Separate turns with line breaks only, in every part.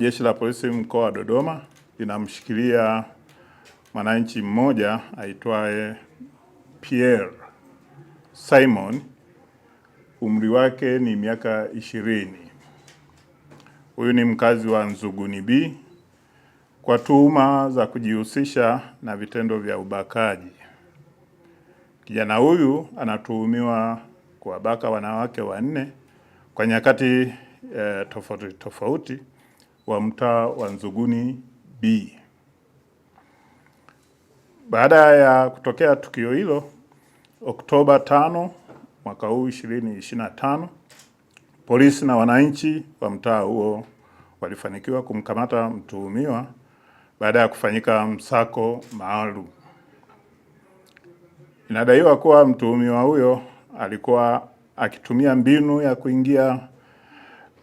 Jeshi la Polisi mkoa wa Dodoma linamshikilia mwananchi mmoja aitwaye Pierre Simon, umri wake ni miaka ishirini. Huyu ni mkazi wa Nzuguni B kwa tuhuma za kujihusisha na vitendo vya ubakaji. Kijana huyu anatuhumiwa kuwabaka wanawake wanne kwa nyakati eh, tofauti tofauti wa mtaa wa Nzuguni B. Baada ya kutokea tukio hilo Oktoba 5 mwaka huu 2025, polisi na wananchi wa mtaa huo walifanikiwa kumkamata mtuhumiwa baada ya kufanyika msako maalum. Inadaiwa kuwa mtuhumiwa huyo alikuwa akitumia mbinu ya kuingia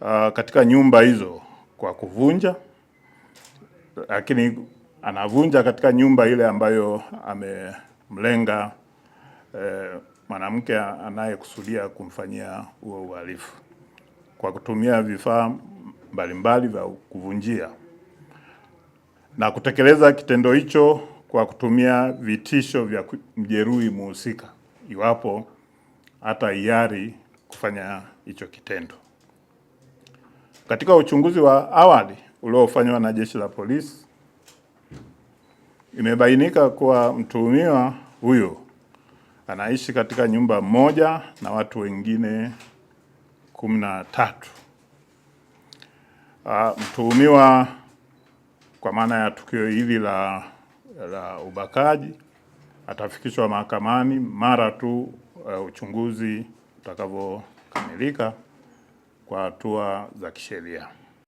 uh, katika nyumba hizo kwa kuvunja, lakini anavunja katika nyumba ile ambayo amemlenga e, mwanamke anayekusudia kumfanyia huo uhalifu kwa kutumia vifaa mbalimbali vya kuvunjia na kutekeleza kitendo hicho kwa kutumia vitisho vya mjeruhi muhusika iwapo hata hiari kufanya hicho kitendo. Katika uchunguzi wa awali uliofanywa na jeshi la polisi, imebainika kuwa mtuhumiwa huyo anaishi katika nyumba moja na watu wengine kumi na tatu. Ah, mtuhumiwa kwa maana ya tukio hili la, la ubakaji atafikishwa mahakamani mara tu uh, uchunguzi utakavyokamilika kwa hatua za kisheria.